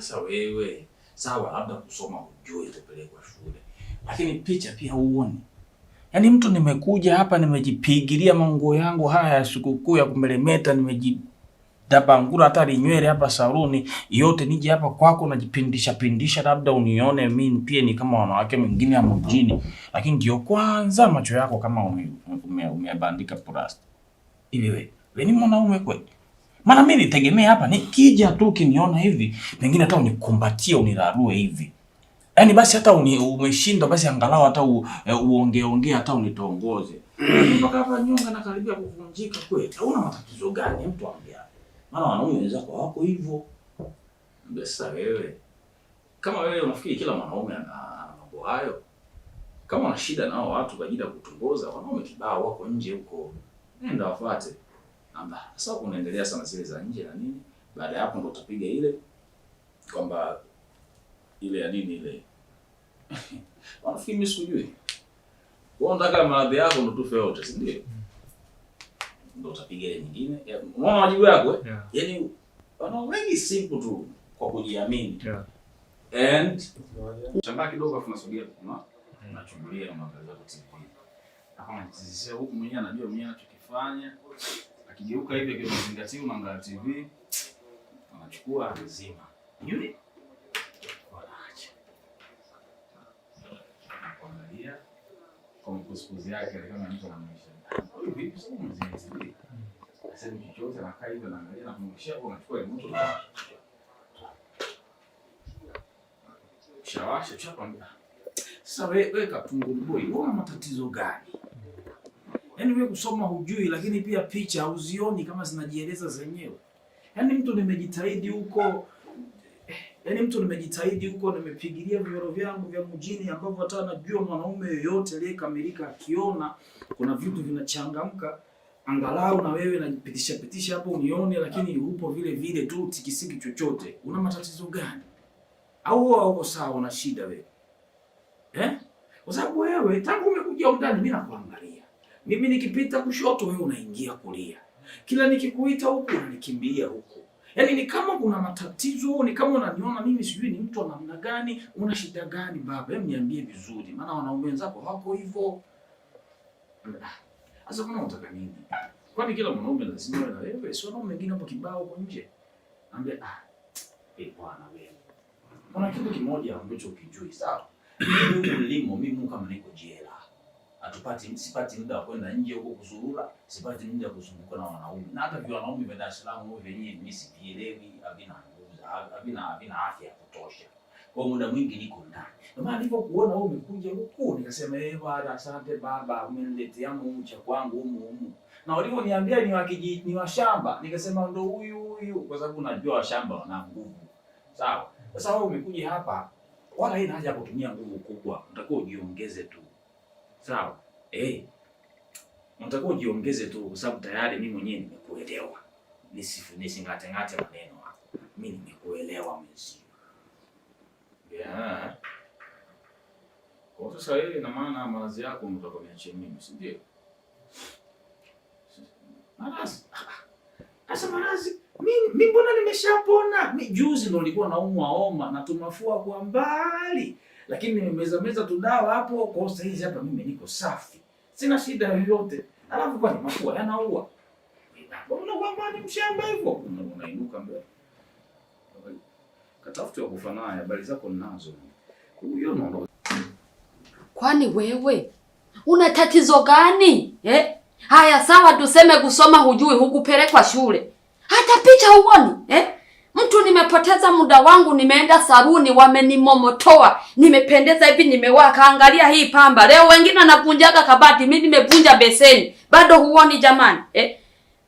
Sasa wewe sawa, labda kusoma ujue kupelekwa shule, lakini picha pia uone. Yaani mtu nimekuja hapa nimejipigilia manguo yangu haya ya sikukuu ya kumeremeta, nimejidabangura hata linywele hapa saluni yote, nije hapa kwako najipindisha pindisha, labda unione mimi pia ni kama wanawake mwingine ya mjini, lakini ndio kwanza macho yako kama umebandika ume, ume plasta hivi. Wewe we ni mwanaume kweli? Maana mimi nitegemea hapa nikija tu ukiniona hivi, pengine hata unikumbatie unirarue hivi. Yaani basi hata uni, umeshinda basi angalau hata e, uongee ongea hata unitongoze. Mpaka hapa nyonga na karibia kuvunjika kweli. Hauna matatizo gani mtu ambia? Maana wanaume wenza kwa wako hivyo. Sasa wewe kama wewe unafikiri kila mwanaume ana mambo hayo, kama una shida nao watu kwa ajili ya kutongoza, wanaume kibao wako nje huko, nenda wafuate kwamba sasa so, unaendelea sana zile za nje na nini. Baada ya hapo ndo utapiga ile kwamba ile ya nini ile wanafikiri mimi sijui wao, nataka maadhi yako ndo tufe wote, si ndio? Ndo utapiga ile nyingine. Unaona wajibu wako eh, yeah. Yaani, wana wengi simple tu kwa kujiamini yeah. And chambaa kidogo afu nasogea kwa nachungulia mambo wa TV. na kama Huku mwenyewe anajua mwenyewe anachokifanya akigeuka hivi akizingatia mwanga TV anachukua nzima yule wanaacha kuangalia kwa mkusikuzi yake, alikuwa ananipa na maisha huyu vipi? Sasa mzee sasa ni chochote na kai na angalia na kumshia kwa anachukua ile moto shawasha chapa. Sasa wewe wewe, Kapungu Boy, una matatizo gani? Yaani wewe kusoma hujui, lakini pia picha huzioni kama zinajieleza zenyewe. Yaani mtu nimejitahidi huko yaani mtu nimejitahidi huko, nimepigilia vioro vyangu vya mjini ambavyo hata najua mwanaume yoyote aliyekamilika akiona kuna vitu vinachangamka, angalau na wewe najipitisha pitisha hapo unione, lakini upo vile vile tu tikisiki chochote. Una matatizo gani? Au wewe uko sawa? Una shida wewe eh? Kwa sababu wewe tangu umekuja ndani mimi nakuangalia mimi nikipita kushoto, wewe unaingia kulia. Kila nikikuita huku unanikimbia huku. Yaani ni kama kuna matatizo, ni kama unaniona mimi sijui ni mtu wa namna gani, una shida gani baba? Hebu niambie vizuri. Maana wanaume wenzako hawako hivyo. Ah, sasa kuna unataka nini? Kwani kila mwanaume lazima awe na wewe? Sio wanaume wengine hapo kibao huko nje. Ambe ah. Eh, bwana wewe. Kuna kitu kimoja ambacho ukijui sawa. Mimi huko nilimo, mimi kama niko jela atupati sipati muda wa kwenda nje huko kuzurura, sipati muda wa kuzunguka na wanaume, na hata vile wanaume wa Dar es Salaam wao wenyewe mimi sikielewi, havina nguvu, havina havina afya ya kutosha. Kwa muda mwingi niko ndani, ndio maana kuona wewe umekuja huku nikasema, eh bwana, asante baba, umeniletea mungu cha kwangu humu humu, na walivyoniambia ni wakiji ni wa shamba, nikasema ndo huyu huyu, kwa sababu unajua shamba wana nguvu, sawa. Sasa wewe umekuja hapa, wala haina haja kutumia nguvu kubwa, utakuwa ujiongeze tu Sawa? Eh. Unatakiwa ujiongeze tu kwa sababu tayari mimi mwenyewe nimekuelewa. Nisifu nisingate ngate maneno hapo. Mimi nimekuelewa mzee. Yeah. Kwa sasa hii ina maana maradhi yako unataka niachie mimi, si ndio? Maradhi. Sasa maradhi mimi mbona nimeshapona? Mimi juzi ndo nilikuwa naumwa homa na tumafua kwa mbali lakini meza tu dawa hapo, kwa hiyo saizi hapa mimi niko safi, sina shida yoyote. Alafu kwani mafua yanaua? Unakuwa mbali mshamba hivyo, unainuka mbele katafuta kufanana, kufa Habari zako ninazo huyo, naondoka. Kwani wewe una tatizo gani eh? Haya sawa, tuseme kusoma hujui, hukupelekwa shule, hata picha huoni eh? mtu nimepoteza muda wangu, nimeenda saruni, wamenimomotoa, nimependeza hivi, nimewaka. Angalia hii pamba leo, wengine anavunjaga kabati, mimi nimevunja beseni, bado huoni jamani eh?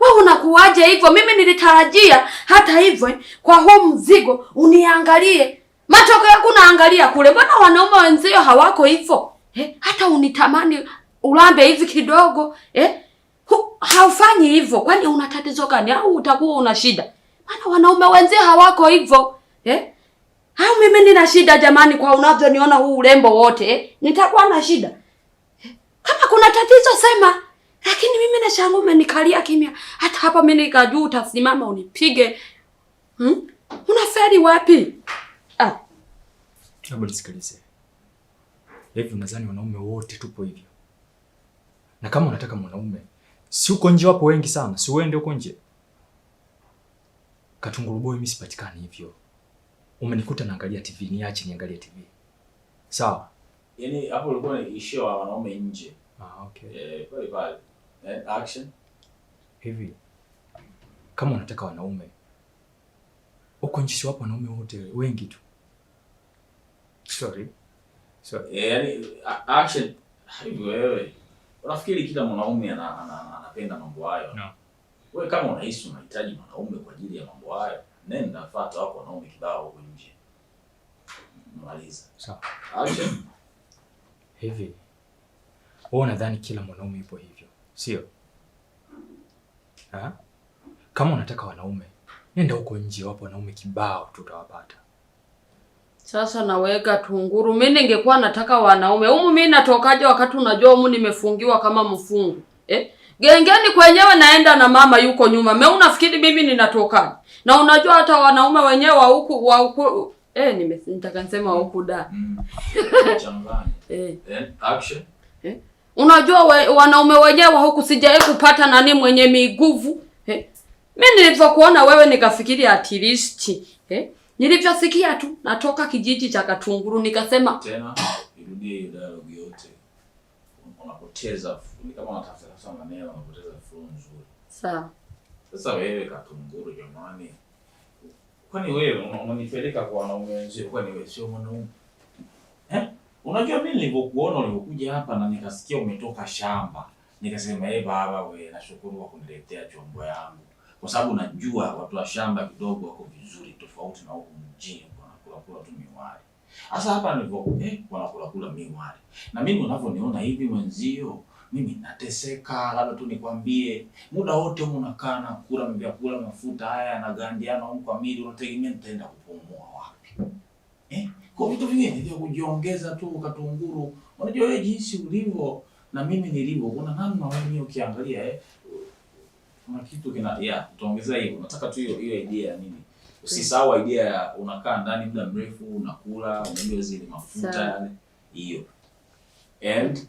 Wewe unakuwaje hivyo? Mimi nilitarajia hata hivyo eh, kwa huu mzigo uniangalie, matokeo yako unaangalia kule. Mbona wanaume wenzio hawako hivyo eh? Hata unitamani ulambe hivi kidogo eh? Haufanyi hivyo, kwani una tatizo gani? Au utakuwa una shida maana wanaume wenzio hawako hivyo. Eh? Au mimi nina shida jamani, kwa unavyoniona huu urembo wote eh? Nitakuwa na shida. Eh? Kama kuna tatizo sema, lakini mimi na shangu umenikalia kimya. Hata hapa mimi nikajua utasimama unipige. Hmm? Unaferi wapi? Ah. Hebu nisikilize. Hivi unadhani wanaume wote tupo hivyo? Na kama unataka mwanaume, si uko nje wapo wengi sana, si uende huko nje. Katunguru boy mimi sipatikani hivyo. Umenikuta naangalia TV, niache niangalie TV. Sawa? Yaani hapo ulikuwa ni issue wa wanaume nje. Ah, okay. Eh, pale pale. Eh, action. Hivi. Kama unataka wanaume huko nje, si wapo wanaume wote wengi tu. Sorry. Sorry. Eh, yaani action. Hivi wewe. Unafikiri kila mwanaume anapenda mambo hayo? No. Wewe kama unahisi unahitaji mwanaume kwa ajili ya mambo hayo, nenda fuata wako wanaume kibao huko nje. Maliza. Sawa. Acha. Hivi. Wewe unadhani kila mwanaume yupo hivyo? Sio? Ha? Kama unataka wanaume, nenda huko nje, wapo wanaume kibao utawapata. Sasa naweka tunguru. Mimi ningekuwa nataka wanaume. Humu mimi natokaje wakati unajua humu nimefungiwa kama mfungu? Eh? Gengeni kwenyewe naenda na mama yuko nyuma. Mimi unafikiri mimi ninatoka? Na unajua hata wanaume wenyewe wa huku wa huku eh, nime nitaka wa huku da. Mm. Eh. eh. Unajua we, wanaume wenyewe wa huku sijawahi kupata nani mwenye miguvu. Eh. Mimi nilivyokuona wewe nikafikiri at least eh. Nilivyosikia tu natoka kijiji cha Katunguru nikasema tena irudie dialogue yote. Unapoteza kama unatafuta kusoma maneno unapoteza flow nzuri. Sawa. Sasa wewe katunguru jamani. Kwani wewe unanipeleka kwa wanaume wenzio kwani wewe sio mwanaume? Eh? Unajua mimi nilipokuona ulipokuja hapa na nikasikia umetoka shamba. Nikasema eh, baba wewe, nashukuru kwa kuniletea chombo yangu. Kwa sababu najua watu wa shamba kidogo wako vizuri tofauti na huko mjini wanakula kula tu miwari. Sasa hapa nilipo eh, wanakula kula miwali. Na mimi unavyoniona hivi mwenzio mimi nateseka, labda tu nikwambie, muda wote huko unakaa na kula vyakula mafuta haya yanagandiana huko kwa mwili, unategemea nitaenda kupumua wapi eh? Kwa vitu vingine vya kujiongeza tu katunguru. Unajua wewe jinsi ulivyo na mimi nilivyo, kuna namna wewe ukiangalia eh kuna kitu kina ya tuongeza hiyo. unataka tu hiyo hiyo idea ya nini Usisahau idea ya unakaa ndani muda mrefu unakula unajua zile mafuta yale, hiyo and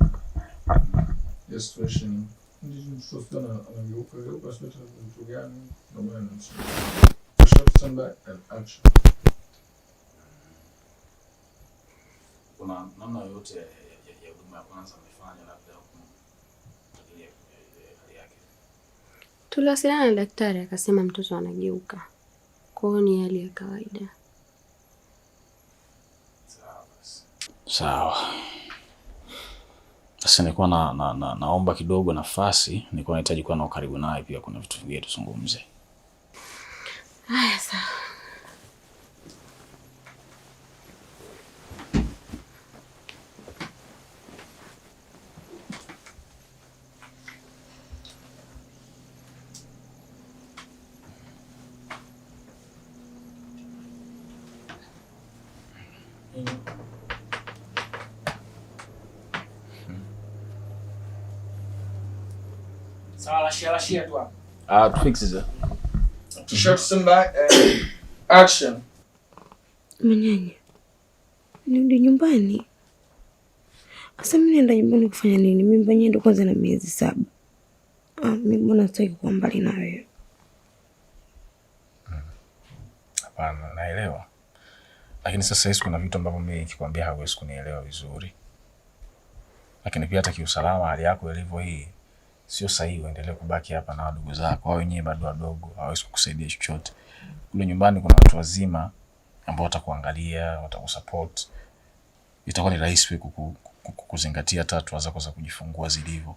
jest słyszyn 96 na naukę, obecnie drugami domenem. Przeszedłem BLH. Kuna namna yote ya huduma ya kwanza amefanya labda hali yake? Tuliwasiliana na daktari akasema mtoto anageuka, kwa hiyo ni hali ya kawaida. Sawa. Sasa nilikuwa na, na, na, naomba kidogo nafasi, nilikuwa nahitaji kuwa na ukaribu naye pia, kuna vitu vingine tuzungumze. Haya, sawa. you. Sawa, lashia Ah, tu fix hizo. Shots in back and eh, action. Mnyanya. Nirudi nyumbani. Sasa mimi naenda nyumbani kufanya nini? Mimi mbanyenye ndo kwanza na miezi saba. Ah, mimi mbona sitaki kuwa mbali na wewe. Hapana, naelewa. Lakini sasa hizi kuna vitu ambavyo mimi nikikwambia hauwezi kunielewa vizuri. Lakini pia hata kiusalama hali yako ilivyo hii sio sahihi uendelee kubaki hapa na wadogo zako. Wao wenyewe bado wadogo, hawawezi kukusaidia chochote. Kule nyumbani kuna watu wazima ambao watakuangalia, watakusupport. Itakuwa ni rahisi kukuzingatia hata hatua zako za kujifungua zilivyo.